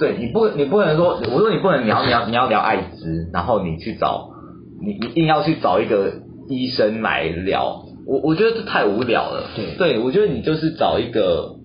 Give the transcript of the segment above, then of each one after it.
對，你不，你不能說，我說你不能，你要，你要，你要聊艾滋，然後你去找，你你硬要去找一個醫生來聊，我我覺得這太無聊了。嗯、對，我覺得你就是找一個。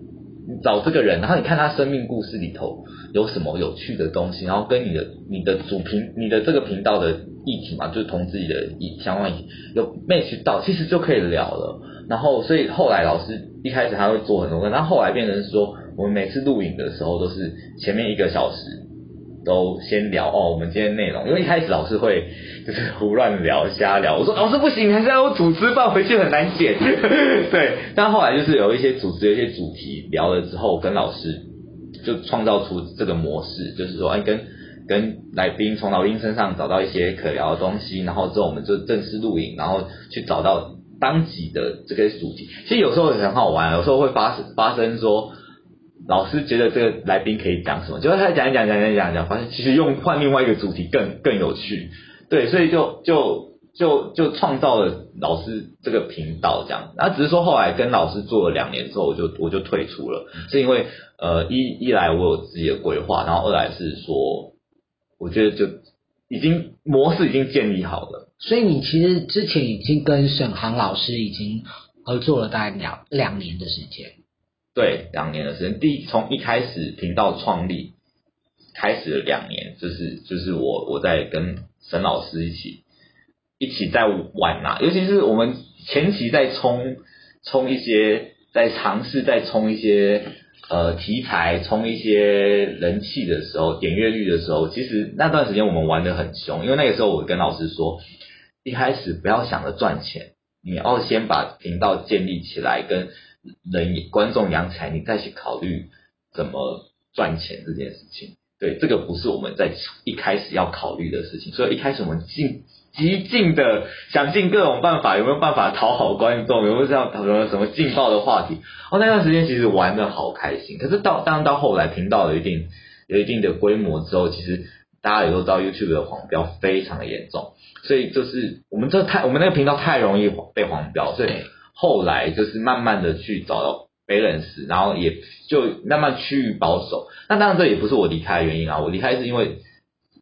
你找這個人，然後你看他生命故事裡頭有什麼有趣的東西，然後跟你的你的主頻、你的這個頻道的議題嘛，就是同自己的，相關有沒 a t 到，其實就可以聊了。然後所以後來老師一開始他會做很多個，然後後來變成說，我們每次錄影的時候都是前面一個小時。都先聊哦，我們今天內容，因為一開始老師會就是胡亂聊、瞎聊。我說老師、哦、不行，還是要我組織，不然回去很難剪。對，但後來就是有一些組織、有一些主題聊了之後，跟老師就創造出這個模式，就是說哎，跟跟來賓從老丁身上找到一些可聊的東西，然後之後我們就正式錄影，然後去找到當集的這個主題。其實有時候也很好玩，有時候會發生發生說。老師覺得這個來賓可以講什麼，就是他講一講講講講講，發現其實用換另外一個主題更更有趣，對，所以就就就就創造了老師這個頻道這樣。那只是說後來跟老師做了兩年之後，我就我就退出了，是因為呃，一一來我有自己的規劃，然後二來是說我覺得就已經模式已經建立好了。所以你其實之前已經跟沈航老師已經合作了大概兩兩年的時間。對，兩年的時間，第一，從一開始頻道創立，開始了兩年，就是就是我我在跟沈老師一起一起在玩吶、啊，尤其是我們前期在衝衝一些，在嘗試在衝一些呃題材，衝一些人氣的時候，點閱率的時候，其實那段時間我們玩得很兇，因為那個時候我跟老師說，一開始不要想着賺錢，你要，要先把頻道建立起來跟人觀眾養起來，你再去考慮怎麼賺錢這件事情。對，這個不是我們在一開始要考慮的事情。所以一開始我們盡極盡的想盡各種辦法，有沒有辦法討好觀眾？有沒有這樣討論什麼勁爆的話題？哦，那段時間其實玩的好開心。可是到當然到後來，頻道有一定有一定的規模之後，其實大家也都知道 YouTube 的黃標非常的嚴重。所以就是我們這太我們那個頻道太容易被黃標。所以後來就是慢慢的去找到 balance 然後也就慢慢趨於保守。那當然這也不是我離開的原因啊，我離開是因為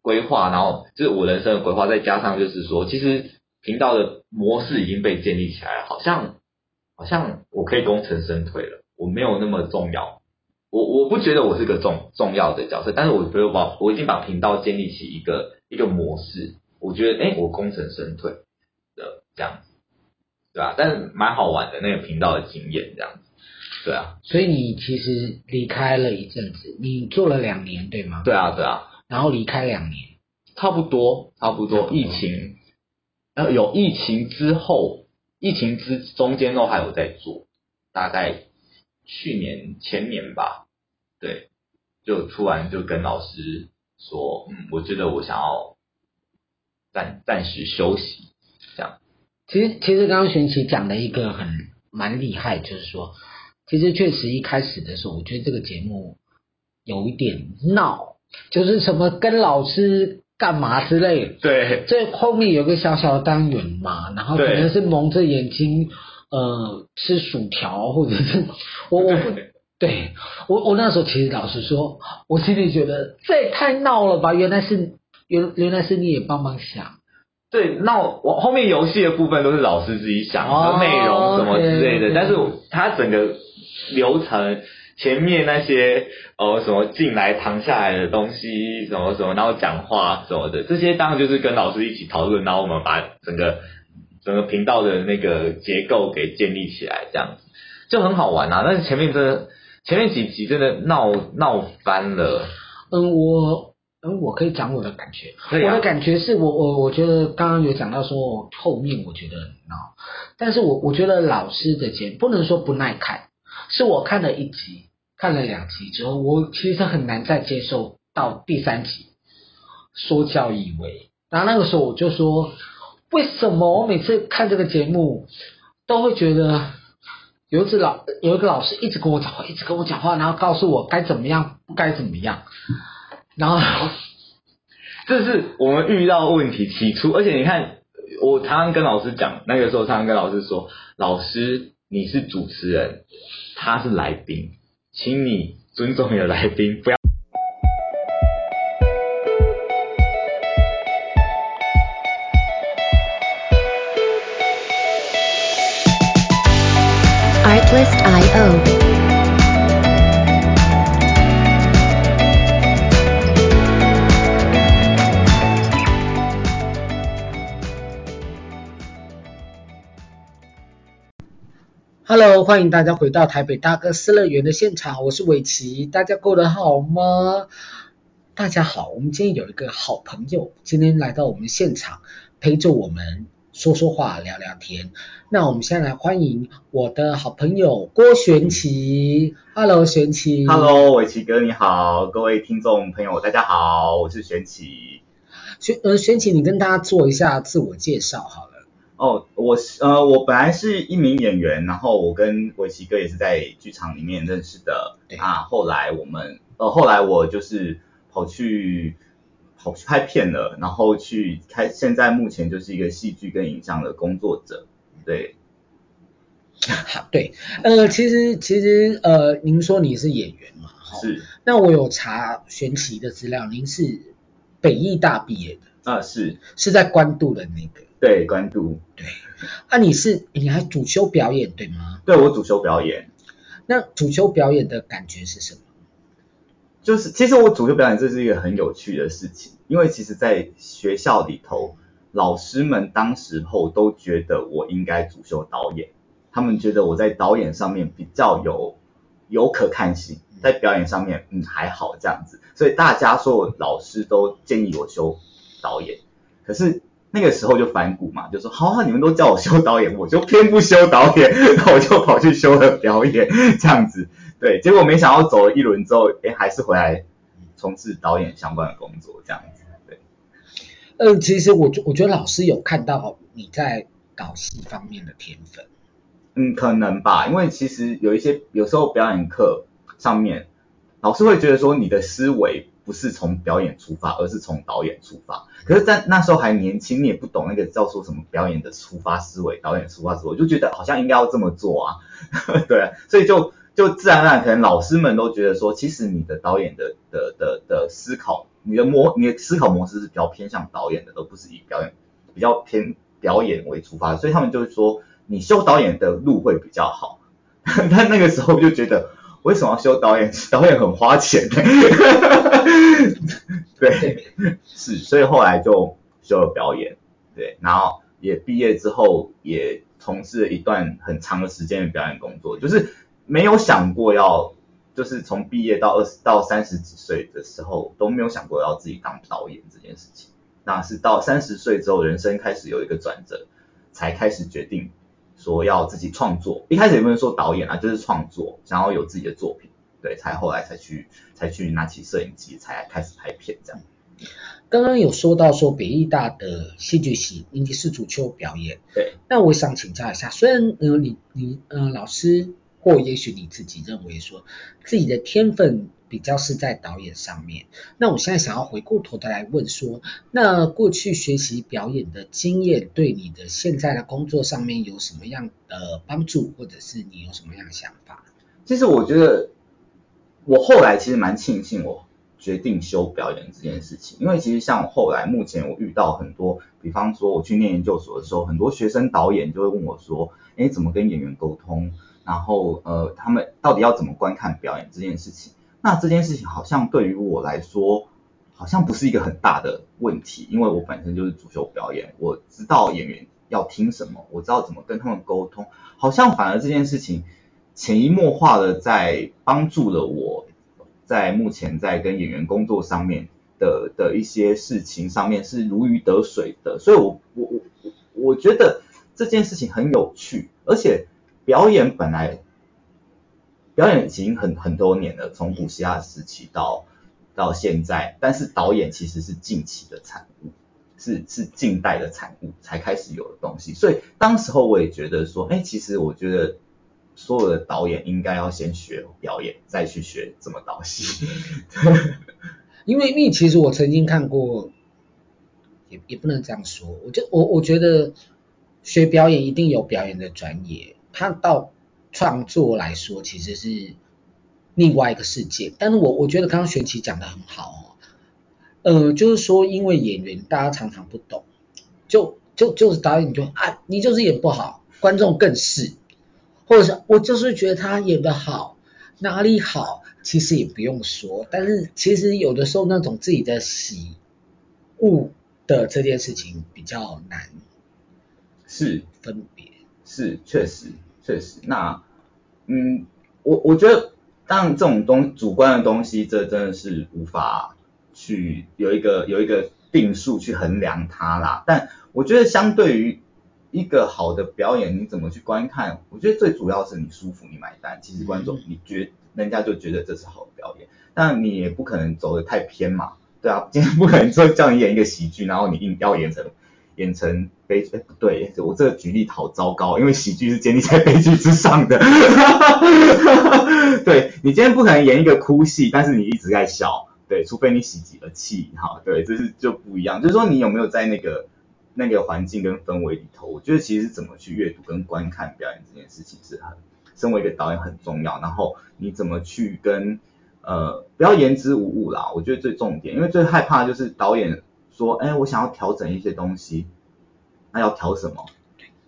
規劃，然後就是我人生的規劃，再加上就是說，其實頻道的模式已經被建立起來了，好像好像我可以功成身退了，我沒有那麼重要，我我不覺得我是個重重要的角色，但是我覺得把我已經把頻道建立起一個一個模式，我覺得哎、欸，我功成身退了這樣子。對啊，但是蠻好玩的，那個頻道的經驗這樣子，對啊。所以你其實離開了一陣子，你做了兩年對嗎？對啊，對啊。然後離開兩年，差不多，差不多。疫情，有疫情之後，疫情之中間都還有在做，大概去年前年吧，對，就突然就跟老師說，嗯，我覺得我想要暫暫時休息。其實，其實剛剛玄奇講的一個很蠻厲害，就是說，其實確實一開始的時候，我覺得這個節目有一點鬧，就是什麼跟老師幹嘛之類的。對。這後面有個小小的單元嘛，然後可能是蒙着眼睛，呃，吃薯條，或者是我我不對，對我我那時候其實老實說，我心裡覺得這也太鬧了吧？原來是，原原來是你也幫忙想。對，那我後面遊戲的部分都是老師自己想的，oh, 內容什麼之類的，okay, 但是他整個流程前面那些哦、呃、什麼進來躺下來的東西什麼什麼，然後講話什麼的，這些當然就是跟老師一起討論，然後我們把整個整個頻道的那個結構給建立起來，這樣子就很好玩吶、啊。但是前面真的前面幾集真的鬧鬧翻了。嗯，我。嗯，我可以講我的感覺。我的感覺是我，我我覺得剛剛有講到說後面，我覺得啊，但是我我覺得老師的節目不能說不耐看，是我看了一集，看了兩集之後，我其實很難再接受到第三集說教意味。然後那個時候我就說，為什麼我每次看這個節目都會覺得有一次老有一個老師一直跟我講話，一直跟我講話，然後告訴我該怎麼樣不該怎麼樣。然後，這是我們遇到問題。起初，而且你看，我常常跟老師講，那個時候常常跟老師說：“老師，你是主持人，他是來賓，請你尊重你的來賓，不要。”歡迎大家回到台北大哥思樂園的現場，我是偉奇，大家過得好嗎？大家好，我們今天有一個好朋友今天來到我們現場，陪着我們說說話聊聊天。那我們現在來歡迎我的好朋友郭玄奇。Hello，玄奇。Hello，偉奇哥你好，各位聽眾朋友大家好，我是玄奇。玄呃玄奇，你跟大家做一下自我介紹好了。哦，我是呃，我本來是一名演員，然後我跟維奇哥也是在劇場裡面認識的對啊。後來我們呃，後來我就是跑去跑去拍片了，然後去開，現在目前就是一個戲劇跟影像的工作者。對，對，呃，其實其實呃，您說你是演員嘛？是。哦、那我有查玄奇的資料，您是北藝大畢業的？啊、呃，是，是在關渡的那個。對，關注對，那、啊、你是你還主修表演對嗎？對，我主修表演。那主修表演的感覺是什麼？就是其實我主修表演，這是一個很有趣的事情，因為其實在學校裡頭，老師們當時候都覺得我應該主修導演，他們覺得我在導演上面比較有有可看性，在表演上面嗯還好這樣子，所以大家說我老師都建議我修導演，可是。那個時候就反骨嘛，就說好啊，你們都叫我修導演，我就偏不修導演，那我就跑去修了表演這樣子。對，結果沒想到走了一輪之後，哎，還是回來從事導演相關的工作這樣子。對。呃、嗯，其實我覺我覺得老師有看到你在導戲方面的天分。嗯，可能吧，因為其實有一些有時候表演課上面，老師會覺得說你的思維。不是從表演出發，而是從導演出發。可是，在那時候還年輕，你也不懂那個叫做什麼表演的出發思維、導演出發思維，我就覺得好像應該要這麼做啊。呵呵對啊，所以就就自然而然，可能老師們都覺得說，其實你的導演的的的的的思考，你的模你的思考模式是比較偏向導演的，而不是以表演比較偏表演為出發。所以他們就說，你修導演的路會比較好。呵呵但那個時候就覺得。為什麼要修導演？導演很花錢的，欸， 對，是，所以後來就修了表演，對，然後也畢業之後也從事了一段很長的時間的表演工作，就是沒有想過要，就是從畢業到二十到三十幾歲的時候都沒有想過要自己當導演這件事情，那是到三十歲之後人生開始有一個轉折，才開始決定。說要自己創作，一開始也不能說導演啊，就是創作，想要有自己的作品，對，才後來才去才去拿起攝影機，才開始拍片這樣。剛剛有說到說北藝大的戲劇系應該是主修表演，對，那我想請教一下，雖然、呃、你你、呃、老師或也許你自己認為說自己的天分。比較是在導演上面。那我現在想要回過頭的來問說，那過去學習表演的經驗對你的現在的工作上面有什麼樣的幫助，或者是你有什麼樣的想法？其實我覺得，我後來其實蠻慶幸我決定修表演這件事情，因為其實像我後來目前我遇到很多，比方說我去念研究所的時候，很多學生導演就會問我說，誒，怎麼跟演員溝通？然後呃，他們到底要怎麼觀看表演這件事情。那這件事情好像對於我來說，好像不是一個很大的問題，因為我本身就是主修表演，我知道演員要聽什麼，我知道怎麼跟他們溝通，好像反而這件事情潛移默化的在幫助了我，在目前在跟演員工作上面的的一些事情上面是如魚得水的，所以我，我我我我覺得這件事情很有趣，而且表演本來。表演已經很很多年了，從古希臘時期到到現在，但是導演其實是近期的產物，是是近代的產物才開始有的東西。所以當時候我也覺得說，哎、欸，其實我覺得所有的導演應該要先學表演，再去學怎麼導戲。因為因為，其實我曾經看過，也也不能這樣說。我就我我覺得學表演一定有表演的專業，他到。創作來說其實是另外一個世界，但是我我覺得剛剛玄奇講的很好哦，呃，就是說因為演員大家常常不懂，就就就是導演你就啊你就是演不好，觀眾更是，或者是我就是覺得他演得好，哪裡好其實也不用說，但是其實有的時候那種自己的喜惡的這件事情比較難，是分別，是，是確實。確實，那，嗯，我我覺得，當然這種東主觀的東西，這真的是無法去有一個有一個定數去衡量它啦。但我覺得，相對於一個好的表演，你怎麼去觀看？我覺得最主要是你舒服，你買單。其實觀眾你覺、嗯、人家就覺得這是好的表演，但你也不可能走得太偏嘛，對啊，今天不可能說叫你演一個喜劇，然後你硬要演成。演成悲劇哎、欸、不對，我這個舉例好糟糕，因為喜劇是建立在悲劇之上的，哈哈哈哈對你今天不可能演一個哭戲，但是你一直在笑，對，除非你喜極而泣，哈，對，這是就不一樣。就是說你有沒有在那個那個環境跟氛圍裡頭，我覺得其實怎麼去閱讀跟觀看表演這件事情是很，身為一個導演很重要。然後你怎麼去跟呃，不要言之無物啦，我覺得最重點，因為最害怕就是導演。說，哎、欸，我想要調整一些東西，那要調什麼？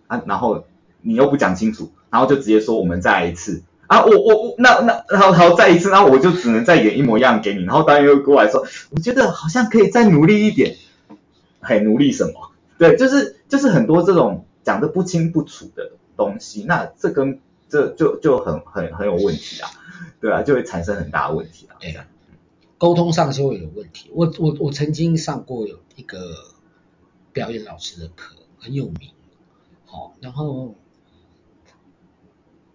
啊，然後你又不講清楚，然後就直接說我們再來一次。啊，我我我，那那然後然後再一次，然後我就只能再演一模一樣給你。然後導演又過來說，我覺得好像可以再努力一點。還努力什麼？對，就是就是很多這種講的不清不楚的東西，那這跟這就就很很很有問題啊，對啊，就會產生很大的問題啊。溝通上就會有問題。我我我曾經上過有一個表演老師的課，很有名。好、哦，然後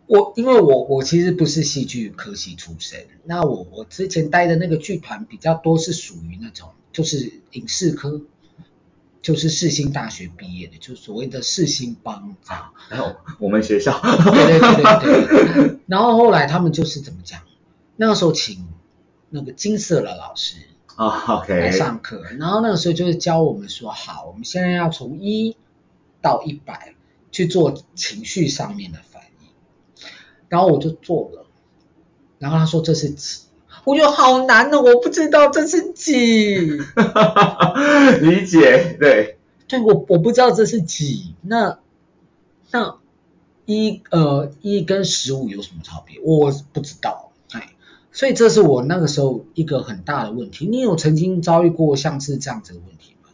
我因為我我其實不是戲劇科系出身，那我我之前待的那個劇團比較多是屬於那種就是影視科，就是世新大學畢業的，就所謂的世新幫。然後我們學校。 對對對對。然後後來他們就是怎麼講？那個時候請。那個金色的老師啊，Oh，OK，來上課，然後那個時候就是教我們說好，我們現在要從一到一百去做情緒上面的反應，然後我就做了，然後他說這是幾，我就好難哦，我不知道這是幾， 理解，對，對我我不知道這是幾，那那一呃一跟十五有什麼差別，我不知道。所以這是我那個時候一個很大的問題。你有曾經遭遇過像是這樣子的問題嗎？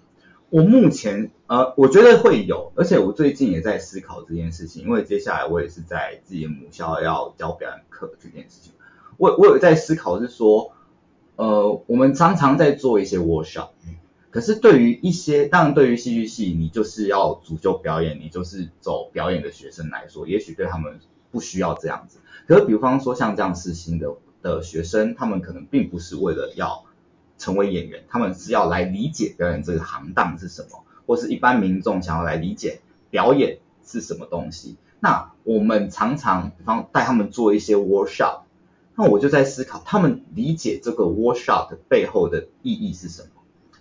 我目前呃，我覺得會有，而且我最近也在思考這件事情。因為接下來我也是在自己的母校要教表演課這件事情，我我有在思考是說，呃，我們常常在做一些 workshop，可是對於一些當然對於戲劇系，你就是要主修表演，你就是走表演的學生來說，也許對他們不需要這樣子。可是比方說像這樣世新的，的學生，他們可能並不是為了要成為演員，他們是要來理解表演這個行當是什麼，或是一般民眾想要來理解表演是什麼東西。那我們常常比方帶他們做一些 workshop，那我就在思考，他們理解這個 workshop 的背後的意義是什麼？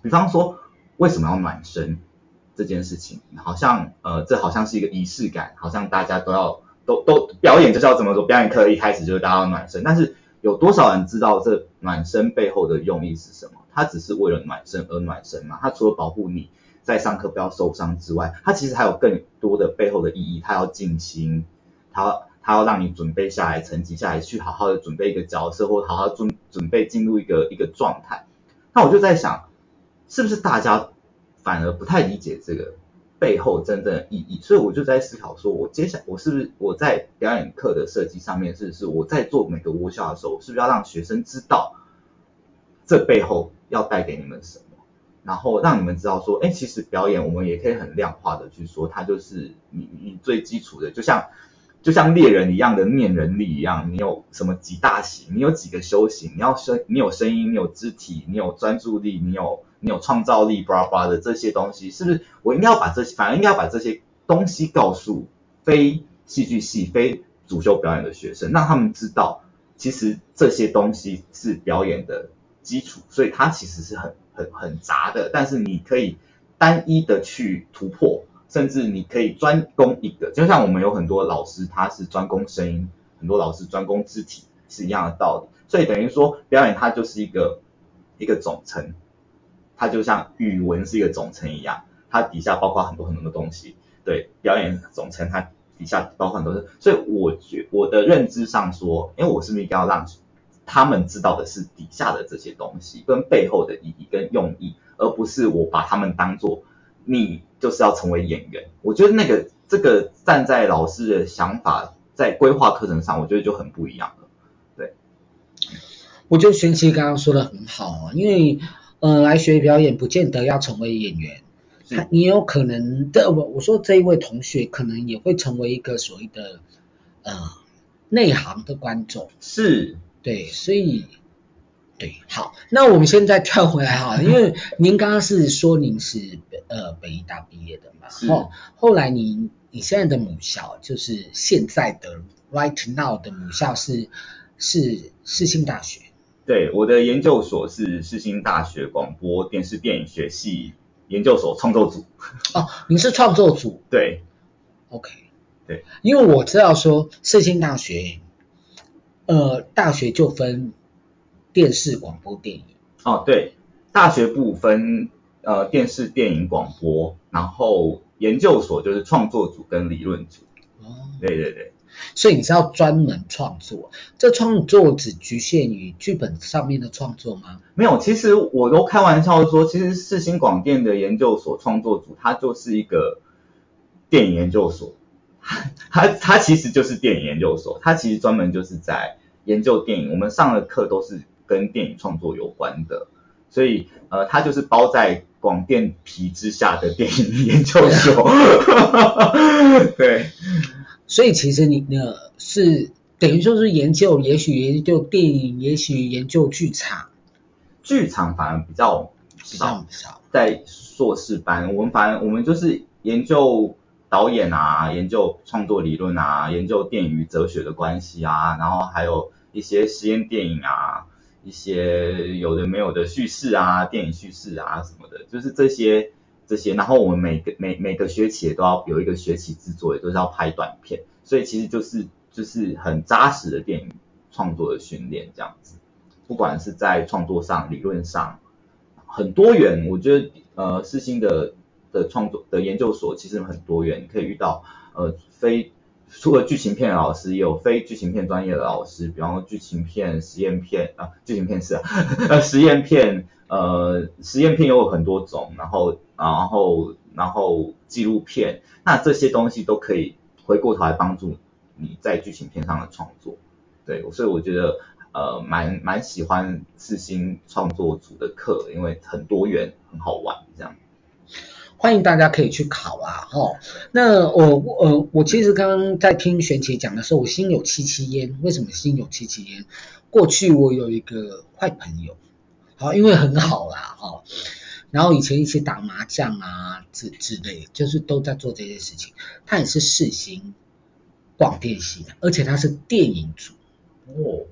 比方說，為什麼要暖身這件事情？好像呃，這好像是一個儀式感，好像大家都要都都表演就是要怎麼做？表演課一開始就是大家要暖身，但是。有多少人知道這暖身背後的用意是什麼？它只是為了暖身而暖身嘛？它除了保護你在上課不要受傷之外，它其實還有更多的背後的意義。它要靜心，它他要讓你準備下來、沉靜下來，去好好的準備一個角色，或好好準準備進入一個一個狀態。那我就在想，是不是大家反而不太理解這個？背後真正的意義，所以我就在思考說，我接下我是不是我在表演課的設計上面，是不是我在做每個 workshop 的時候，是不是要讓學生知道這背後要帶給你們什麼，然後讓你們知道說，哎，其實表演我們也可以很量化的去說，它就是你你最基礎的，就像就像獵人一樣的念能力一樣，你有什麼幾大系，你有幾個修行，你要聲，你有聲音，你有肢體，你有專注力，你有。你有創造力，巴拉巴拉的這些東西，是不是？我應該要把這些，反而應該要把這些東西告訴非戲劇系、非主修表演的學生，讓他們知道，其實這些東西是表演的基礎，所以它其實是很、很、很雜的。但是你可以單一的去突破，甚至你可以專攻一個，就像我們有很多老師他是專攻聲音，很多老師專攻肢體，是一樣的道理。所以等於說，表演它就是一個一個總稱。它就像語文是一個總稱一樣，它底下包括很多很多的東西。對，表演總稱它底下包括很多東西，所以我覺得我的認知上說，因為我是不是一定要讓他們知道的是底下的這些東西跟背後的意義跟用意，而不是我把他們當做你就是要成為演員。我覺得那個這個站在老師的想法在規劃課程上，我覺得就很不一樣了。對，我覺得玄奇剛剛說的很好啊，因為。嗯、呃，來學表演不見得要成為演員，他你有可能的。我我說這一位同學可能也會成為一個所謂的，呃，內行的觀眾。是，對，所以，對，好，那我們現在跳回來哈、嗯，因為您剛剛是說您是 呃北藝大畢業的嘛，後後來你你現在的母校就是現在的 right now 的母校是是世新大學。對，我的研究所是世新大學廣播電視電影學系研究所創作組。哦，你是創作組？對。OK。對。因為我知道說世新大學，呃，大學就分電視廣播電影。哦，對。大學部分呃電視電影廣播，然後研究所就是創作組跟理論組。哦。對對對。對所以你是要專門創作？這創作只侷限於劇本上面的創作嗎？沒有，其實我都開玩笑說，其實世新廣電的研究所創作組，它就是一個電影研究所。它它其實就是電影研究所，它其實專門就是在研究電影。我們上的課都是跟電影創作有關的，所以呃，它就是包在廣電皮之下的電影研究所。Yeah. 對。所以其實你呢是等於說是研究，也許研究電影，也許研究劇場。劇場反而比較少，比較少。在碩士班，我們反而我們就是研究導演啊，研究創作理論啊，研究電影與哲學的關係啊，然後還有一些實驗電影啊，一些有的沒有的敘事啊，電影敘事啊什麼的，就是這些。這些，然後我們每個每每個學期也都要有一個學期制作，也都是要拍短片，所以其實就是就是很扎實的電影創作的訓練這樣子。不管是在創作上、理論上，很多元。我覺得呃，世新的的創作的研究所其實很多元，你可以遇到呃非。除了劇情片的老師，也有非劇情片專業的老師，比方說劇情片、實驗片啊，劇情片是啊，實驗片，呃，實驗片也有很多種然，然後，然後，然後紀錄片，那這些東西都可以回過頭來幫助你在劇情片上的創作，對，所以我覺得呃，蠻蠻喜歡世新創作組的課，因為很多元，很好玩，這樣。歡迎大家可以去考啊。哈、哦。那我，我我其實剛剛在聽玄奇講的時候，我心有戚戚焉。為什麼心有戚戚焉？過去我有一個壞朋友，好、哦，因為很好啦，哈、哦。然後以前一起打麻將啊，之之類，就是都在做這些事情。他也是世新，廣電系的，而且他是電影組。哦，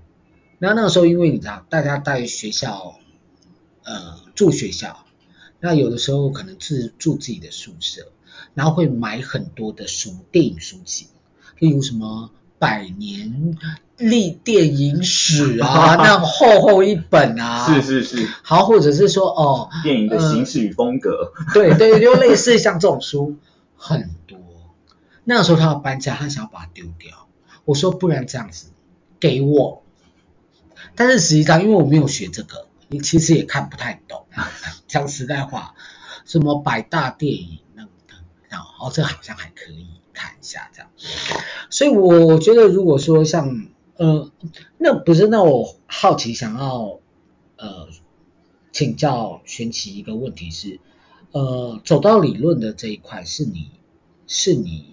那那個時候因為你知道，大家在學校，呃，住學校。那有的時候可能是住自己的宿舍，然後會買很多的書，電影書籍，例如什麼《百年歷電影史》啊， 那種厚厚一本啊。是是是。好，或者是說哦。電影的形式與風格。對、呃、對，就類似像這種書 很多。那時候他要搬家，他想要把它丟掉。我說不然這樣子給我。但是實際上，因為我沒有學這個，你其實也看不太懂。 像時代化，什麼百大電影，那個那個、哦，這好像還可以看一下這樣。所以我覺得如果說像，呃，那不是，那我好奇想要呃請教玄奇一個問題是，呃，走到理論的這一塊是你是你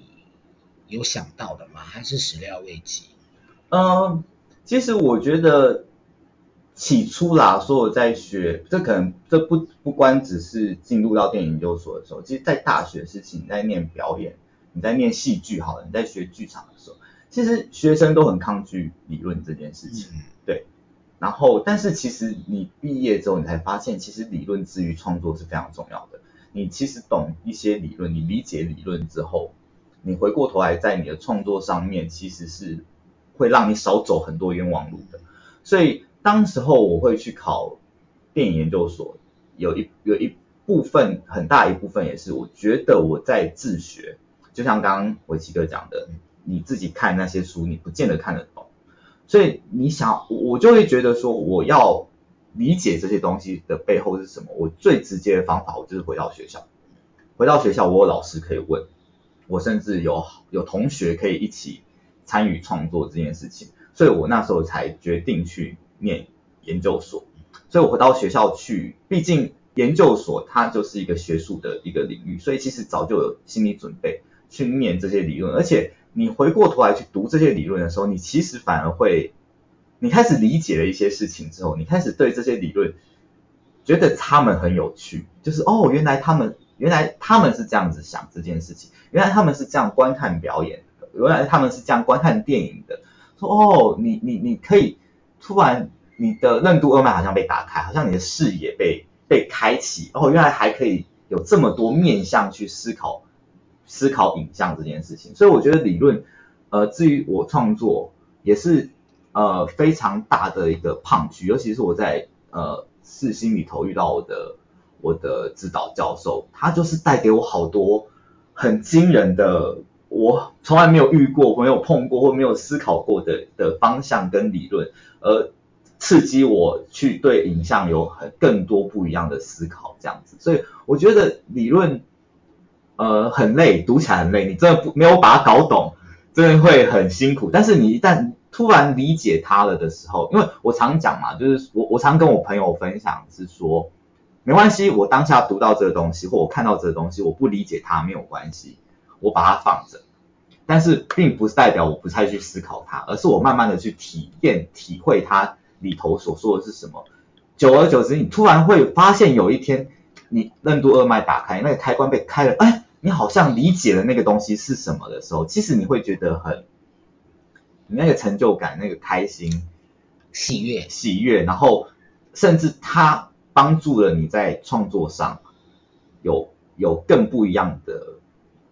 有想到的嗎？還是始料未及？嗯、呃，其實我覺得。起初啦，說我在學，這可能這不不光只是進入到電影研究所的時候，其實，在大學時期，你在念表演，你在念戲劇，好了，你在學劇場的時候，其實學生都很抗拒理論這件事情，嗯、對。然後，但是其實你畢業之後，你才發現，其實理論之於創作是非常重要的。你其實懂一些理論，你理解理論之後，你回過頭來在你的創作上面，其實是會讓你少走很多冤枉路的。所以。當時候我會去考電影研究所，有一有一部分很大一部分也是，我覺得我在自學，就像剛剛維基哥講的，你自己看那些書，你不見得看得懂，所以你想我就會覺得說我要理解這些東西的背後是什麼，我最直接的方法我就是回到學校，回到學校我有老師可以問，我甚至有有同學可以一起參與創作這件事情，所以我那時候才決定去。念研究所，所以我回到學校去，畢竟研究所它就是一個學術的一個領域，所以其實早就有心理準備去念這些理論，而且你回過頭來去讀這些理論的時候，你其實反而會，你開始理解了一些事情之後，你開始對這些理論覺得他們很有趣，就是哦，原來他們原來他們是這樣子想這件事情，原來他們是這樣觀看表演的，原來他們是這樣觀看電影的，說哦，你你你可以。突然，你的任督二脈好像被打開，好像你的視野被被開啟，哦，原來還可以有這麼多面向去思考思考影像這件事情。所以我覺得理論，呃，至於我創作也是呃非常大的一個幫助，尤其是我在呃世新裡頭遇到我的我的指導教授，他就是帶給我好多很驚人的。我從來沒有遇過，或沒有碰過，或沒有思考過的的方向跟理論，而刺激我去對影像有很更多不一樣的思考，這樣子。所以我覺得理論，呃，很累，讀起來很累。你真的不沒有把它搞懂，真的會很辛苦。但是你一旦突然理解它了的時候，因為我常講嘛，就是我我常跟我朋友分享是說，沒關係，我當下讀到這個東西，或我看到這個東西，我不理解它，沒有關係。我把它放着，但是並不是代表我不再去思考它，而是我慢慢的去體驗、體會它裡頭所說的是什麼。久而久之，你突然會發現有一天，你任督二脈打開，那個開關被開了，哎，你好像理解了那個東西是什麼的時候，其實你會覺得很，你那個成就感、那個開心、喜悅、喜悅，然後甚至它幫助了你在創作上有有更不一樣的。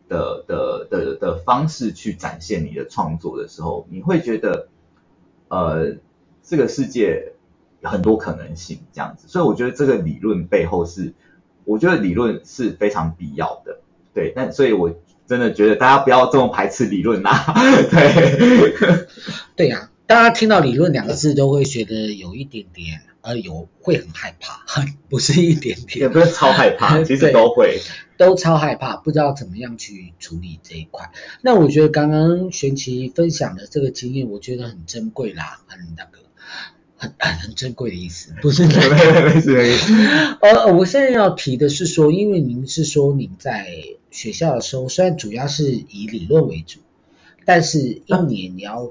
的的的的方式去展現你的創作的時候，你會覺得，呃，這個世界有很多可能性這樣子，所以我覺得這個理論背後是，我覺得理論是非常必要的，對，那所以我真的覺得大家不要這麼排斥理論啦，、啊。對 對呀、啊。大家聽到“理論”兩個字，都會覺得有一點點，呃，有會很害怕，不是一點點，也不是超害怕， 其實都會，都超害怕，不知道怎麼樣去處理這一塊。那我覺得剛剛玄奇分享的這個經驗，我覺得很珍貴啦，很那個，很很很珍貴的意思，不是那個意思。呃，我現在要提的是說，因為您是說您在學校的時候，雖然主要是以理論為主，但是一年你要。啊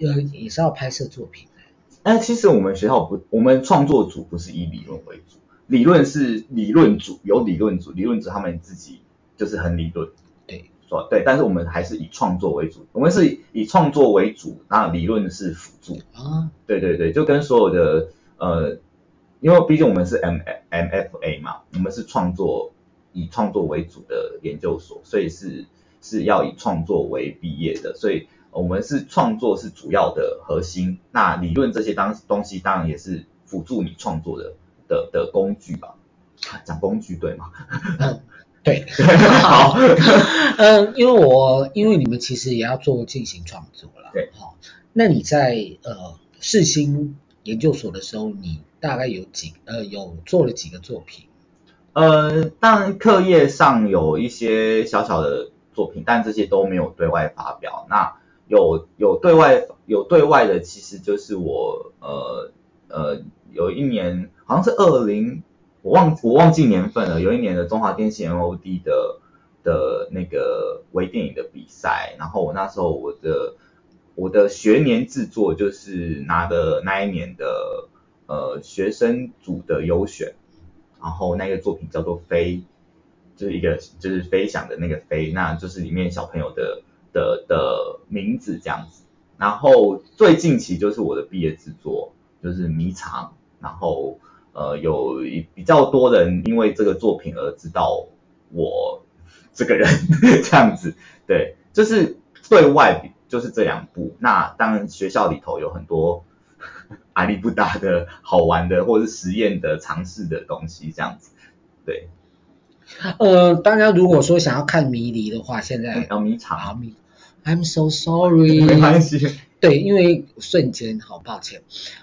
有，也是要拍攝作品的。哎，其實我們學校不，我們創作組不是以理論為主，理論是理論組，有理論組，理論組他們自己就是很理論。對，說對，但是我們還是以創作為主，我們是以以創作為主，那理論是輔助。啊、嗯。對對對，就跟所有的，呃，因為畢竟我們是 M M F A 嘛，我們是創作以創作為主的研究所，所以是是要以創作為畢業的，所以。我們是創作是主要的核心，那理論這些當東西當然也是輔助你創作的的的工具吧，講工具對嗎？嗯，對， 好， 嗯，因為我因為你們其實也要做進行創作了，對、哦、那你在呃世新研究所的時候，你大概有幾呃有做了幾個作品？呃、嗯，當然課業上有一些小小的作品，但這些都沒有對外發表，那。有有對外有對外的，其實就是我呃呃有一年好像是二零我忘我忘記年份了，有一年的中華電信 MOD 的的那個微電影的比賽，然後我那時候我的我的學年製作就是拿的那一年的呃學生組的優選，然後那個作品叫做飛，就是一個就是飛翔的那個飛，那就是裡面小朋友的的的名字這樣子，然後最近期就是我的畢業制作，就是《迷藏》，然後呃有比較多人因為這個作品而知道我這個人 這樣子，對，就是對外就是這兩部，那當然學校裡頭有很多 阿里不達的、好玩的或是實驗的、嘗試的東西這樣子，對。呃，大家如果說想要看《迷藏》的話，現在、嗯、迷藏，I'm so sorry，沒關係。對，因為瞬間好抱歉。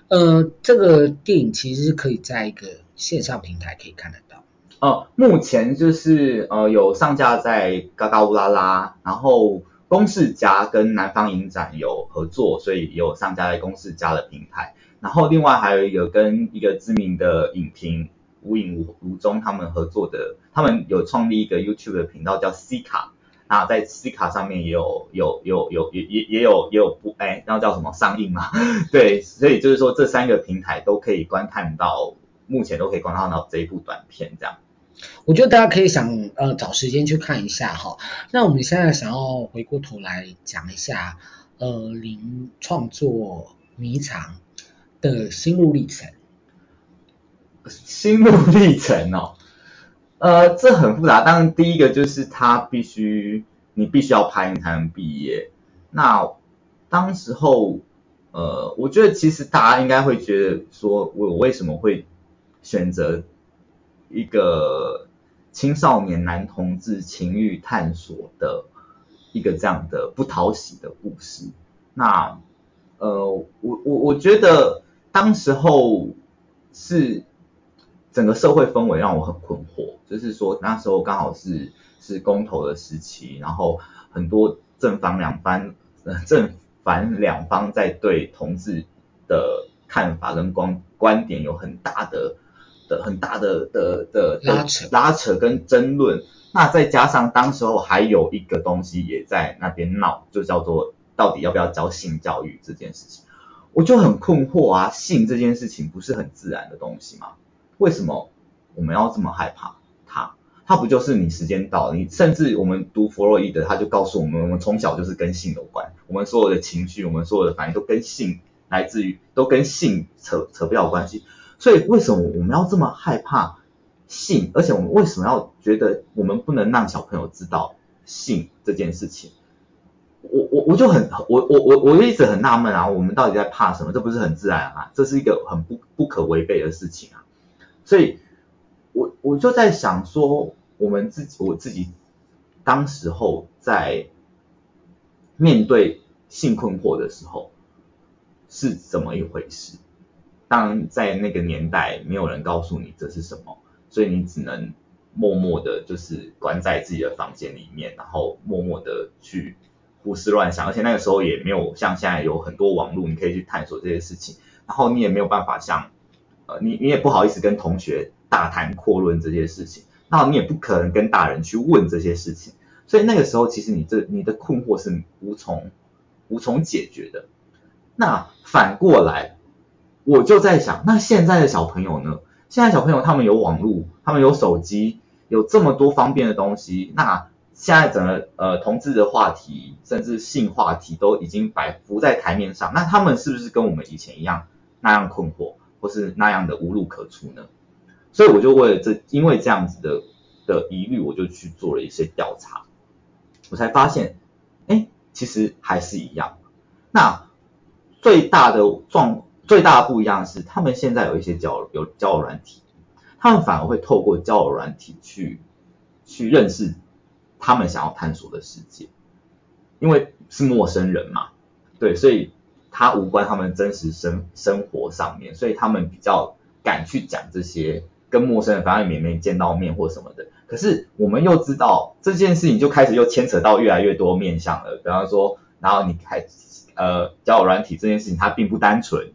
呃，這個電影其實可以在一個線上平台可以看得到。哦、嗯，目前就是呃有上架在嘎嘎烏拉拉，然後公視+跟南方影展有合作，所以有上架在公視+的平台。然後另外還有一個跟一個知名的影評無影無蹤他們合作的。他們有創立一個 YouTube 的頻道叫 C 卡，那在 C 卡上面也有有有有，有也也也有也有不哎，欸，那叫什麼上映嘛？對，所以就是說這三個平台都可以觀看到，目前都可以觀看到這一部短片這樣。我覺得大家可以想呃找時間去看一下哈。那我們現在想要回過頭來講一下呃您創作迷藏的心路歷程，心路歷程哦。呃，這很複雜。當然，第一個就是他必須，你必須要拍，你才能畢業。那當時候，呃，我覺得其實大家應該會覺得說，我我為什麼會選擇一個青少年男同志情慾探索的一個這樣的不討喜的故事？那呃，我我我覺得當時候是。整個社會氛圍讓我很困惑，就是說那時候剛好是是公投的時期，然後很多正反兩方，正反兩方在對同志的看法跟觀觀點有很大的的很大的的的拉，拉扯拉扯跟爭論。那再加上當時候還有一個東西也在那邊鬧，就叫做到底要不要教性教育這件事情，我就很困惑啊，性這件事情不是很自然的東西嗎？為什麼我們要這麼害怕它？它不就是你時間到？你甚至我們讀弗洛伊德，他就告訴我們，我們從小就是跟性有關，我們所有的情緒，我們所有的反應都跟性來自於，都跟性扯扯不了關係。所以為什麼我們要這麼害怕性？而且我們為什麼要覺得我們不能讓小朋友知道性這件事情？我我我就很我我我我一直很納悶啊，我們到底在怕什麼？這不是很自然啊，這是一個很不不可違背的事情啊。所以，我我就在想說，我們自己，我自己當時候在面對性困惑的時候是怎麼一回事？當在那個年代，沒有人告訴你這是什麼，所以你只能默默的，就是關在自己的房間裡面，然後默默的去胡思亂想，而且那個時候也沒有像現在有很多網絡，你可以去探索這些事情，然後你也沒有辦法像。呃，你你也不好意思跟同學大談闊論這些事情，那你也不可能跟大人去問這些事情，所以那個時候其實你這你的困惑是無從無從解決的。那反過來，我就在想，那現在的小朋友呢？現在小朋友他們有網絡，他們有手機，有這麼多方便的東西，那現在整個呃同志的話題，甚至性話題都已經擺浮在檯面上，那他們是不是跟我們以前一樣那樣困惑？或是那樣的無路可出呢？所以我就為了這，因為這樣子的的疑慮，我就去做了一些調查，我才發現，哎，其實還是一樣。那最大的狀，最大的不一樣是，他們現在有一些交有交友軟體，他們反而會透過交友軟體去去認識他們想要探索的世界，因為是陌生人嘛，對，所以。他無關他們真實生生活上面，所以他們比較敢去講這些跟陌生人，反正也沒見到面或什麼的。可是我們又知道這件事情就開始又牽扯到越來越多面向了。比方說，然後你開呃交友軟體這件事情，它並不單純。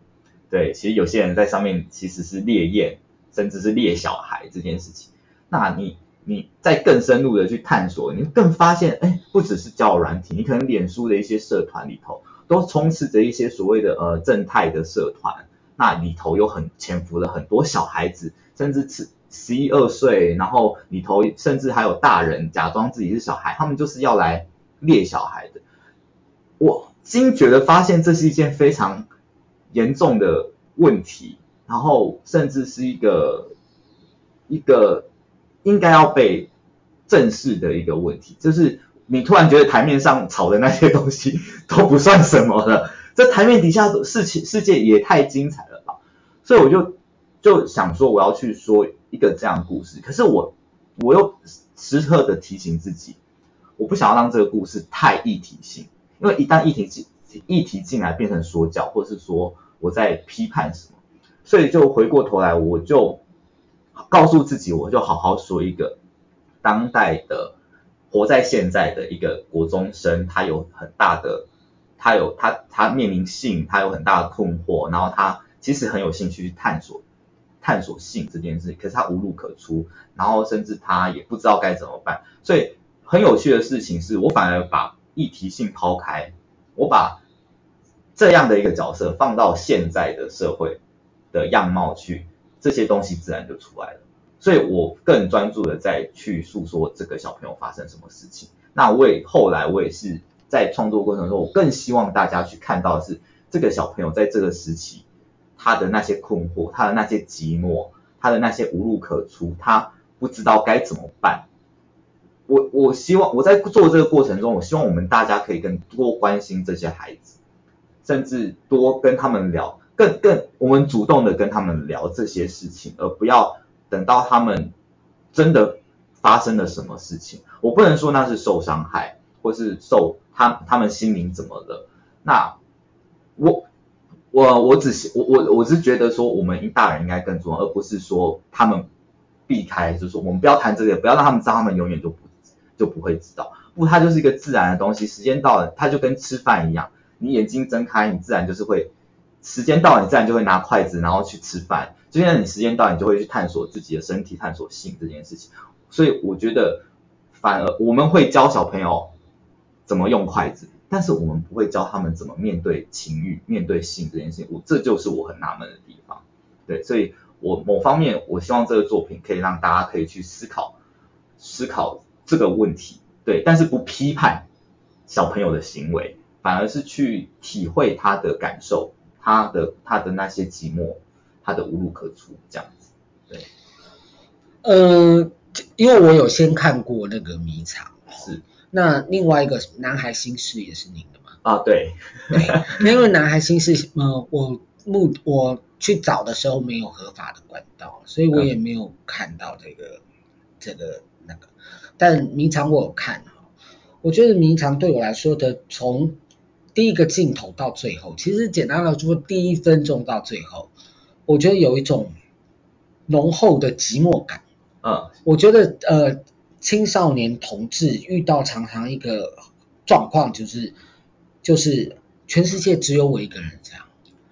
對，其實有些人在上面其實是獵豔，甚至是獵小孩這件事情。那你你再更深入的去探索，你更發現，哎，不只是交友軟體，你可能臉書的一些社團裡頭。都充斥着一些所謂的呃正太的社團，那裡頭有很潛伏了很多小孩子，甚至是十一二歲，然後裡頭甚至還有大人假裝自己是小孩，他們就是要來獵小孩的。我驚覺地發現這是一件非常嚴重的問題，然後甚至是一個一個應該要被正視的一個問題，就是。你突然覺得台面上炒的那些東西都不算什麼了，這台面底下的事情世界也太精彩了吧？所以我就就想說我要去說一個這樣的故事，可是我我又時刻的提醒自己，我不想要讓這個故事太議題性，因為一旦議題進議題進來變成說教，或是說我在批判什麼，所以就回過頭來我就告訴自己，我就好好說一個當代的。活在現在的一個國中生，他有很大的，他有他他面臨性，他有很大的困惑，然後他其實很有興趣去探索探索性這件事情，可是他無路可出，然後甚至他也不知道該怎麼辦。所以很有趣的事情是，我反而把議題性拋開，我把這樣的一個角色放到現在的社會的樣貌去，這些東西自然就出來了。所以我更專注的在去訴說這個小朋友發生什麼事情。那我也後來我也是在創作過程中，我更希望大家去看到的是這個小朋友在這個時期他的那些困惑、他的那些寂寞、他的那些無路可出、他不知道該怎麼辦。我我希望我在做這個過程中，我希望我們大家可以更多關心這些孩子，甚至多跟他們聊，更更我們主動的跟他們聊這些事情，而不要。等到他們真的發生了什麼事情，我不能說那是受傷害，或是受他他們心靈怎麼了。那我我我只是我我我是覺得說我們大人應該更重要，而不是說他們避開，就是說我們不要談這個，不要讓他們知道，他們永遠都不就不會知道。不，它就是一個自然的東西，時間到了，它就跟吃飯一樣，你眼睛睜開，你自然就是會，時間到了，你自然就會拿筷子，然後去吃飯。既然你時間到，你就會去探索自己的身體，探索性這件事情。所以我覺得，反而我們會教小朋友怎麼用筷子，但是我們不會教他們怎麼面對情慾、面對性這件事情。我這就是我很納悶的地方。對，所以我某方面我希望這個作品可以讓大家可以去思考思考這個問題。對，但是不批判小朋友的行為，反而是去體會他的感受，他的他的那些寂寞。他的無路可出，這樣子，對。呃，因為我有先看過那個迷藏，是。那另外一個男孩心事也是您的嗎？啊，對。對， 因為男孩心事，呃，我目我，我去找的時候沒有合法的管道，所以我也沒有看到這個這個那個。但迷藏我有看哈，我覺得迷藏對我來說的，從第一個鏡頭到最後，其實簡單來說，第一分鐘到最後。我覺得有一種濃厚的寂寞感啊！我覺得呃，青少年同志遇到常常一個狀況，就是就是全世界只有我一個人這樣，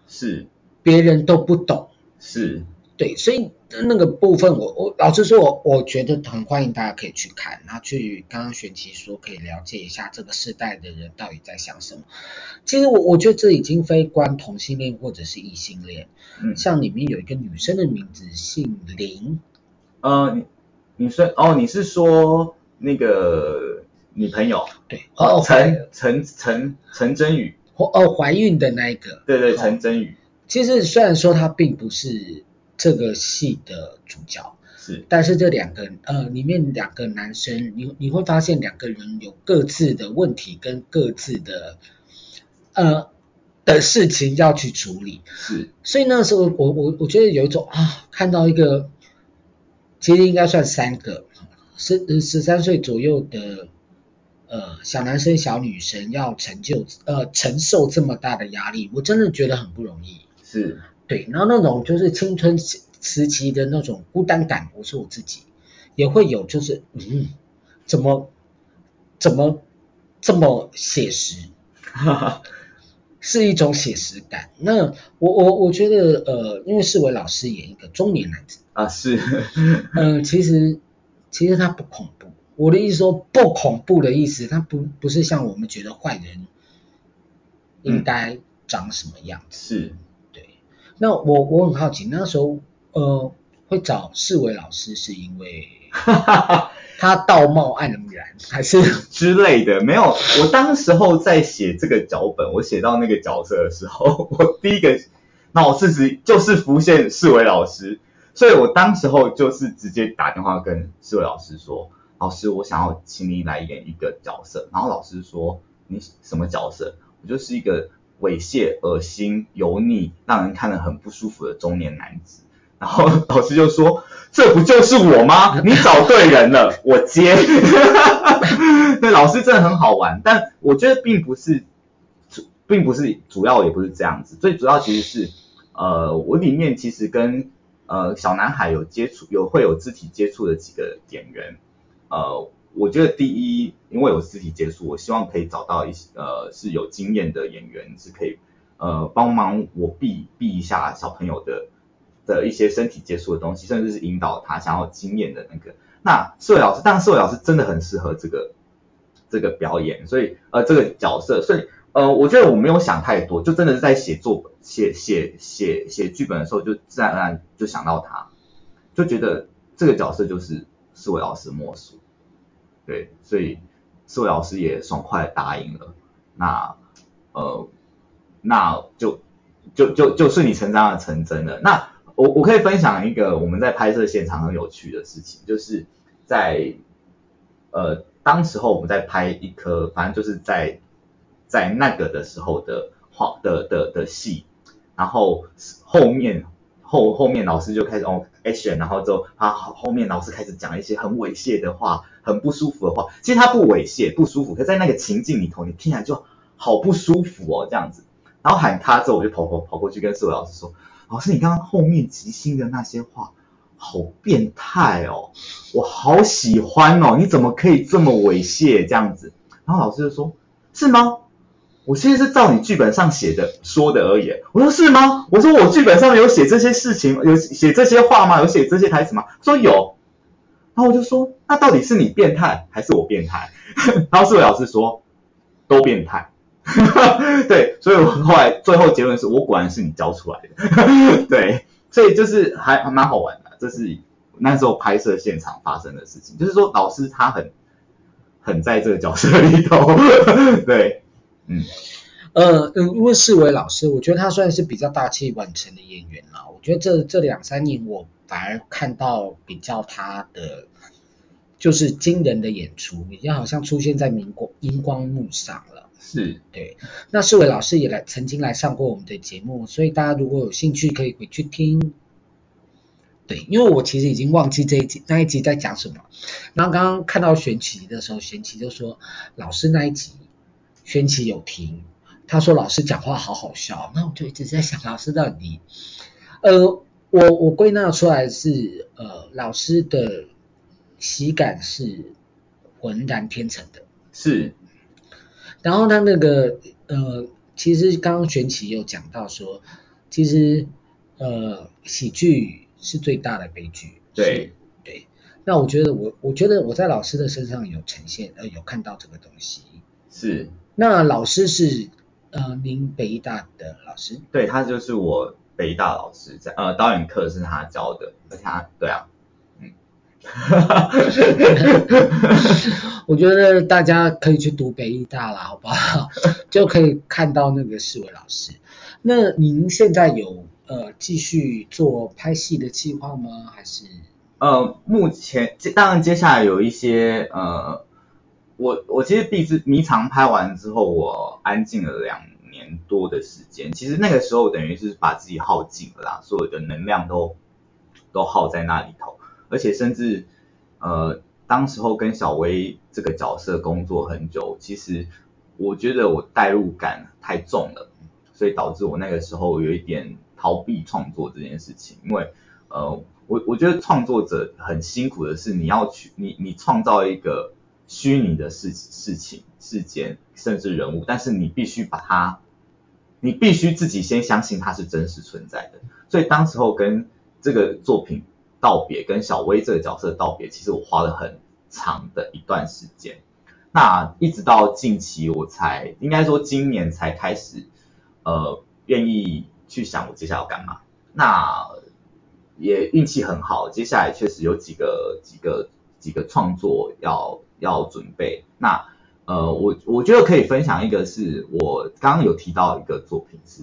是，別人都不懂，是，對，所以。那個部分我，我我老實說我，我我覺得很歡迎大家可以去看，然後去剛剛玄奇說，可以了解一下這個世代的人到底在想什麼？其實我我覺得這已經非關同性戀或者是異性戀，嗯、像裡面有一個女生的名字姓林，嗯、呃你你是哦，你是說那個女朋友？對，哦，陳陳陳陳，陳，陳真宇，哦，懷孕的那一個？對對，哦、陳真宇。其實雖然說她並不是。這個戲的主角是，但是這兩個呃，裡面兩個男生，你你會發現兩個人有各自的問題跟各自的，呃，的事情要去處理是，所以那時候我我我覺得有一種啊，看到一個，其實應該算三個，十十三歲左右的，呃，小男生小女生要成就呃承受這麼大的壓力，我真的覺得很不容易是。對，然後那種就是青春時時期的那種孤單感，不是我自己也會有，就是嗯，怎麼怎麼這麼寫實？ 是一種寫實感。那我我我覺得呃，因為世瑋老師演一個中年男子啊，是，嗯、 呃，其實其實他不恐怖，我的意思說不恐怖的意思，他不不是像我們覺得壞人應該長什麼樣子、嗯、是。那我我很好奇，那個時候呃，會找世瑋老師是因為哈哈哈，他道貌岸然，然還是 之類的？沒有，我當時候在寫這個腳本，我寫到那個角色的時候，我第一個腦子裡，就是浮現世瑋老師，所以我當時候就是直接打電話跟世瑋老師說：“老師，我想要請你來演一個角色。”然後老師說：“你什麼角色？”我就是一個。猥褻、噁心、油膩，讓人看了很不舒服的中年男子。然後老師就說：“這不就是我嗎？你找對人了， 我接。 ”哈哈哈哈，對，老師真的很好玩。但我覺得並不是，並不是主要也不是這樣子。最主要其實是，呃，我裡面其實跟呃小男孩有接觸，有會有肢體接觸的幾個演員，呃。我覺得第一，因為有肢體接觸，我希望可以找到一些呃是有經驗的演員，是可以呃幫忙我避避一下小朋友的的一些身體接觸的東西，甚至是引導他想要經驗的那個。那世瑋老師，當然世瑋老師真的很適合這個這個表演，所以呃這個角色，所以呃我覺得我沒有想太多，就真的是在寫作寫寫寫寫，寫劇本的時候，就自然而然，然就想到他，就覺得這個角色就是世瑋老師莫屬。對，所以四位老師也爽快答應了。那呃，那就就就就順理成章的成真了。那我我可以分享一個我們在拍攝現場很有趣的事情，就是在呃當時候我們在拍一顆，反正就是在在那個的時候的畫的的的戲，然後後面。後後面老師就開始哦，action、欸、然後就他後、啊、後面老師開始講一些很猥褻的話，很不舒服的話。其實他不猥褻，不舒服，可是在那個情境裡頭，你聽起來就好不舒服哦，這樣子。然後喊他之後，我就跑跑跑過去跟世瑋老師說：“老師，你剛剛後面即興的那些話，好變態哦，我好喜歡哦，你怎麼可以這麼猥褻這樣子？”然後老師就說：“是嗎？”我其實是照你劇本上寫的說的而已。我說是嗎？我說我劇本上有寫這些事情，有寫這些話嗎？有寫這些台詞嗎？說有。然後我就說，那到底是你變態還是我變態？然後四位老師說都變態。 對，所以，我後來最後結論是我果然是你教出來的。對，所以就是還還蠻好玩的，這是那時候拍攝現場發生的事情。就是說，老師他很很在這個角色裡頭。對。嗯，呃，嗯，因為世維世瑋老師，我覺得他算是比較大器晚成的演員了。我覺得這這兩三年，我反而看到比較他的，就是驚人的演出，已經好像出現在明光熒光幕上了。是。對。那世瑋老師也來曾經來上過我們的節目，所以大家如果有興趣，可以回去聽。對，因為我其實已經忘記這一集那一集在講什麼。然後剛剛看到玄奇的時候，玄奇就說老師那一集。玄奇有聽，他說老師講話好好笑，那我就一直在想，老師到底，呃，我我歸納出來是，呃，老師的喜感是渾然天成的。是、嗯。然後他那個，呃，其實剛剛玄奇有講到說，其實，呃，喜劇是最大的悲劇。對。對。那我覺得我我覺得我在老師的身上有呈現，呃，有看到這個東西。嗯、是。那老師是呃，您北藝大的老師？對，他就是我北藝大老師，呃，導演課是他教的，他，對啊，嗯，哈哈哈哈哈哈哈，我覺得大家可以去讀北藝大啦，好不好？ 就可以看到那個世瑋老師。那您現在有呃繼續做拍戲的計劃嗎？還是呃，目前，接當然接下來有一些呃。我我其實《畢製迷藏》拍完之後，我安靜了兩年多的時間。其實那個時候等於是把自己耗盡了啦，所有的能量都都耗在那裡頭。而且甚至呃，當時候跟小薇這個角色工作很久，其實我覺得我代入感太重了，所以導致我那個時候有一點逃避創作這件事情。因為呃，我我覺得創作者很辛苦的是你，你要去你你創造一個。虛擬的事事情事件，甚至人物，但是你必須把它，你必須自己先相信它是真實存在的。所以當時候跟這個作品道別，跟小薇這個角色道別，其實我花了很長的一段時間。那一直到近期我才，應該說今年才開始，呃，願意去想我接下來要幹嘛。那也運氣很好，接下來確實有幾個幾個幾個創作要。要準備那呃我我覺得可以分享一個是我剛剛有提到一個作品是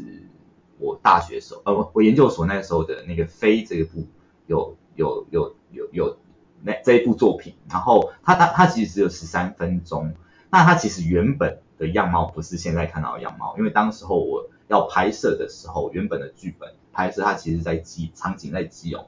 我大學時候呃我研究所那時候的那個飛這一部有有有有有那這一部作品，然後它它它其實只有十三分鐘，那它其實原本的樣貌不是現在看到的樣貌，因為當時候我要拍攝的時候，原本的劇本拍攝它其實在機場景在機哦。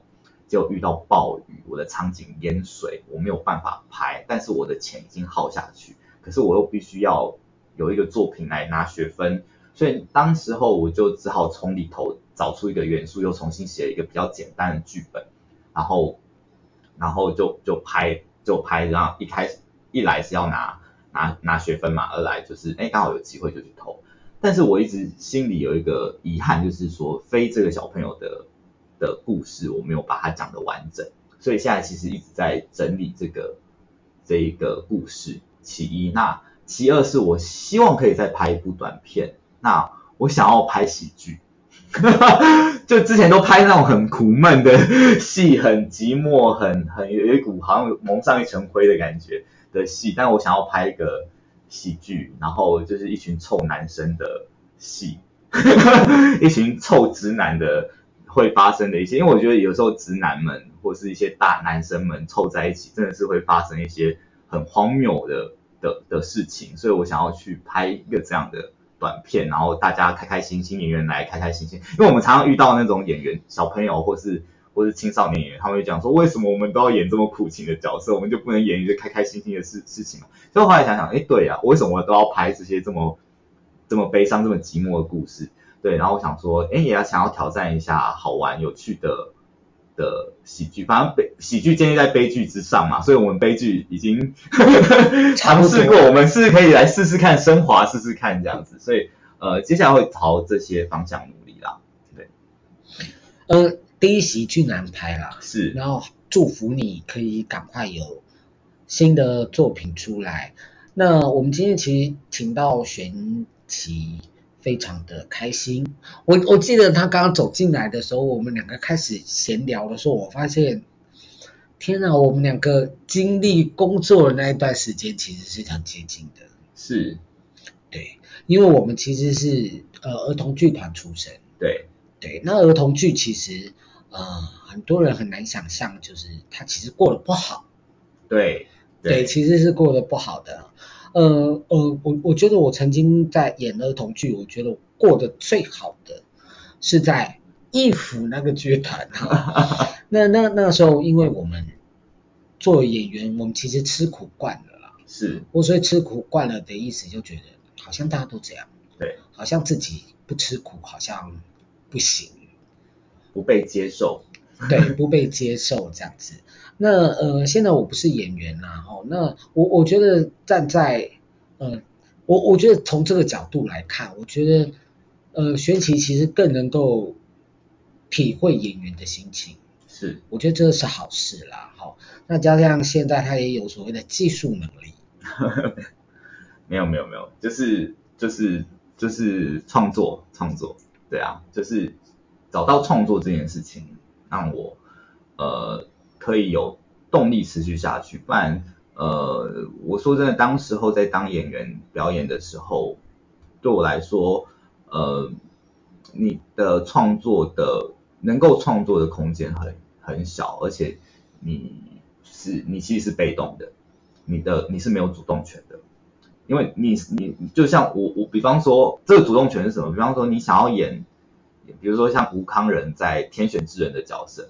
就遇到暴雨，我的場景淹水，我沒有辦法拍，但是我的錢已經耗下去，可是我又必須要有一個作品來拿學分，所以當時候我就只好從裡頭找出一個元素，又重新寫了一個比較簡單的劇本，然後然後就就拍就拍，讓一開始一來是要拿拿拿學分嘛，二來就是，哎，剛好有機會就去投，但是我一直心裡有一個遺憾，就是說非這個小朋友的。的故事我沒有把它講得完整，所以現在其實一直在整理這個這一個故事。其一，那其二是我希望可以再拍一部短片。那我想要拍喜劇， 就之前都拍那種很苦悶的戲，很寂寞，很很有一股好像蒙上一層灰的感覺的戲。但我想要拍一個喜劇，然後就是一群臭男生的戲， 一群臭直男的會發生的一些，因為我覺得有時候直男們或是一些大男生們湊在一起，真的是會發生一些很荒謬的的的事情，所以我想要去拍一個這樣的短片，然後大家開開心心，演員來開開心心，因為我們常常遇到那種演員小朋友或是或是青少年演員，他們會講說，為什麼我們都要演這麼苦情的角色，我們就不能演一個開開心心的事事情嘛。最後後來想想，哎，對呀、啊，為什麼我都要拍這些這麼這麼悲傷、這麼寂寞的故事？對，然後我想說，哎，也要想要挑戰一下好玩有趣的的喜劇，反正悲喜劇建立在悲劇之上嘛，所以我們悲劇已經嘗試 差不多笑過，我們是可以來試試看升華，試試看這樣子，所以呃，接下來會朝這些方向努力啦。對，呃第一喜劇難拍啦，是，然後祝福你可以趕快有新的作品出來。那我們今天其實請到玄奇。非常的開心。我我記得他剛剛走進來的時候，我們兩個開始閒聊的時候，我發現，天哪，我們兩個經歷工作的那一段時間其實是很接近的。是，對，因為我們其實是呃兒童劇團出身。對對，那兒童劇其實呃很多人很難想象，就是他其實過得不好。對對、對，其實是過得不好的。呃呃，我我覺得我曾經在演兒童劇，我覺得過得最好的是在義府那個劇團，啊 那。那那那個時候，因為我們做演員，我們其實吃苦慣了啦。是。我所以吃苦慣了的意思，就覺得好像大家都這樣。對。好像自己不吃苦，好像不行，不被接受。 對，不被接受這樣子。那呃，現在我不是演員啦，吼、哦。那我我覺得站在，嗯、呃，我我覺得從這個角度來看，我覺得呃，玄奇其、其實更能夠體會演員的心情。是，我覺得這是好事啦，好、哦。那加上現在他也有所謂的技術能力。 沒有沒有沒有，就是就是就是創作創作，對啊，就是找到創作這件事情，讓我呃可以有動力持續下去，不然呃我說真的，當時候在當演員表演的時候，對我來說呃你的創作的能夠創作的空間很很小，而且你是你其實是被動的，你的你是沒有主動權的，因為你你就像我我比方說這個主動權是什麼？比方說你想要演。比如說像吳慷仁在天選之人的角色，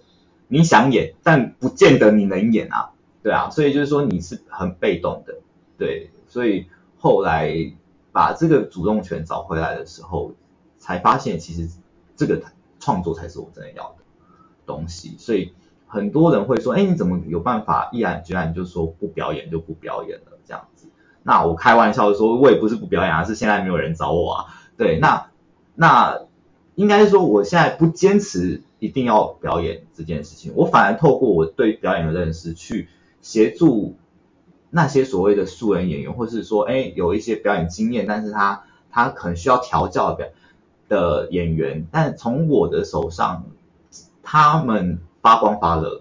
你想演，但不見得你能演啊，對啊，所以就是說你是很被動的，對，所以後來把這個主動權找回來的時候，才發現其實這個創作才是我真的要的東西，所以很多人會說，哎，你怎麼有辦法毅然決然就說不表演就不表演了這樣子？那我開玩笑說，我也不是不表演，啊，是現在沒有人找我啊，對，那那。應該是說，我現在不堅持一定要表演這件事情，我反而透過我對表演的認識去協助那些所謂的素人演員，或是說，哎，有一些表演經驗，但是他他可能需要調教的的演員，但從我的手上，他們發光發熱，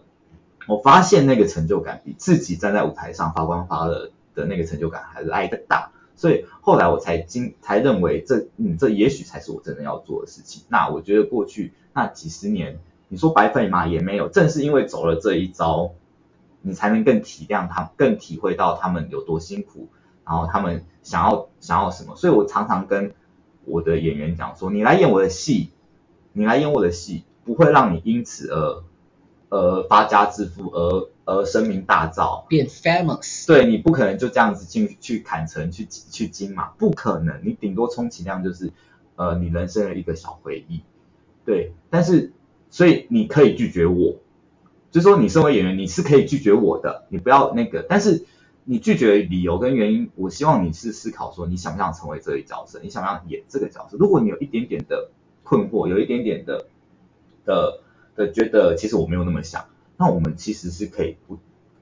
我發現那個成就感比自己站在舞台上發光發熱的那個成就感還來得大。所以後來我才今才認為這、嗯、這也許才是我真的要做的事情。那我覺得過去那幾十年你說白費嘛也沒有，正是因為走了這一遭，你才能更體諒他，更體會到他們有多辛苦，然後他們想要想要什麼。所以我常常跟我的演員講說，你來演我的戲，你來演我的戲，不會讓你因此而呃發家致富而。而、呃、聲名大噪變 famous，對，你不可能就這樣子進去坎城去去金馬。不可能，你頂多充其量就是呃你人生的一個小回憶，對，但是所以你可以拒絕我，就說你身為演員你是可以拒絕我的，你不要那個，但是你拒絕理由跟原因，我希望你是思考說你想不想成為這一角色，你想不想演這個角色，如果你有一點點的困惑，有一點點的的的覺得其實我沒有那麼想。那我們其實是可以不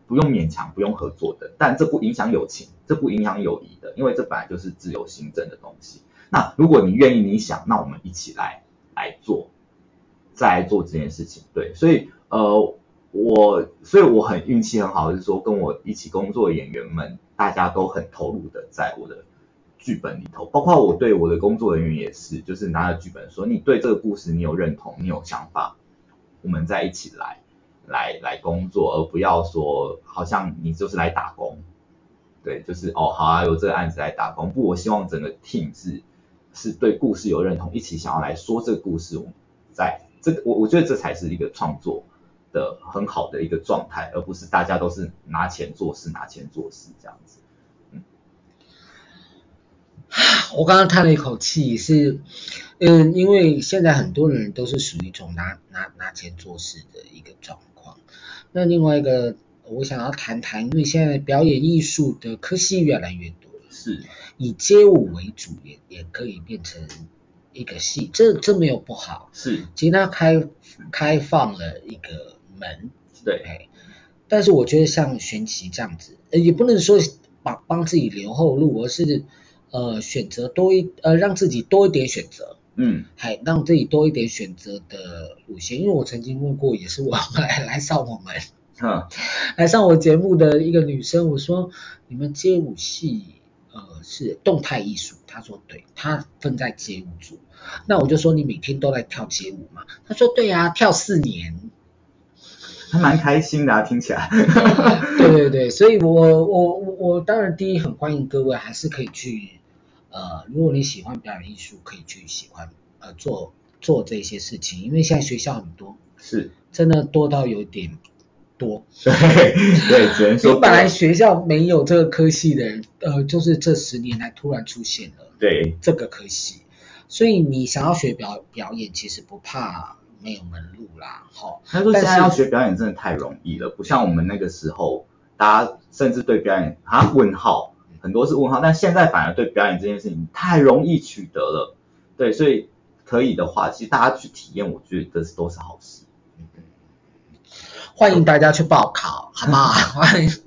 不用勉強，不用合作的，但這不影響友情，這不影響友誼的，因為這本來就是自由行政的東西。那如果你願意，你想，那我們一起來來做，再來做這件事情。對，所以呃，我所以我很運氣很好，就是說跟我一起工作的演員們，大家都很投入的在我的劇本裡頭，包括我對我的工作人員也是，就是拿了劇本說，你對這個故事你有認同，你有想法，我們再一起來。來來工作，而不要說好像你就是來打工，對，就是哦，好啊，有這個案子來打工。不，我希望整個 team 是是對故事有認同，一起想要來說這個故事。我在這個，我我覺得這才是一個創作的很好的一個狀態，而不是大家都是拿錢做事、拿錢做事這樣子。嗯，我剛剛嘆了一口氣，是，嗯，因為現在很多人都是屬於一種拿拿拿錢做事的一個狀態。那另外一個，我想要談談，因為現在表演藝術的科系越來越多，是以街舞為主也，也也可以變成一個系，這這沒有不好，是，其實它開開放了一個門，對，但是我覺得像玄奇這樣子，也不能說把幫自己留後路，而是呃選擇多一，呃，讓自己多一點選擇。嗯，還、hey, 讓自己多一點選擇的路線，因為我曾經問過，也是我來來上我們，嗯，來上我節目的一個女生，我說你們街舞系，呃，是動態藝術，她說對，她分在街舞組，那我就說你每天都來跳街舞嗎？她說對呀、啊，跳四年，還蠻開心的啊，聽起來， 對，啊、對對對，所以我我我我當然第一很歡迎各位，還是可以去。呃，如果你喜歡表演藝術，可以去喜歡呃做做這些事情，因為現在學校很多是真的多到有點多，對對，只能說 本來學校沒有這個科系的人，呃，就是這十年才突然出現了對，對這個科系，所以你想要學表表演，其實不怕沒有門路啦，哈。他說現在要學表演真的太容易了，不像我們那個時候，大家甚至對表演啊問號。很多是問號，但現在反而對表演這件事情太容易取得了，對，所以可以的話，其實大家去體驗，我覺得這是都是好事，嗯。歡迎大家去報考，啊、好嗎？歡迎，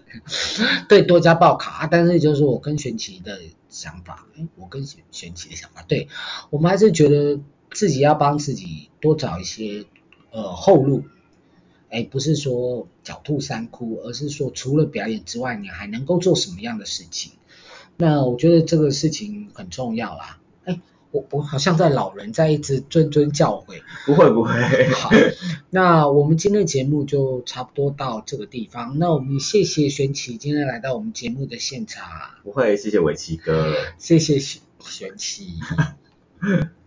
對，多加報考，啊。但是就是我跟玄奇的想法，我跟玄玄奇的想法，對我們還是覺得自己要幫自己多找一些呃後路，哎、欸，不是說狡兔三窟，而是說除了表演之外，你還能夠做什麼樣的事情？那我覺得這個事情很重要啦。哎，我我好像在老人在一直諄諄教誨。不會不會。好，那我們今天節目就差不多到這個地方。那我們謝謝玄奇今天來到我們節目的現場。不會，謝謝偉奇哥。謝謝玄奇。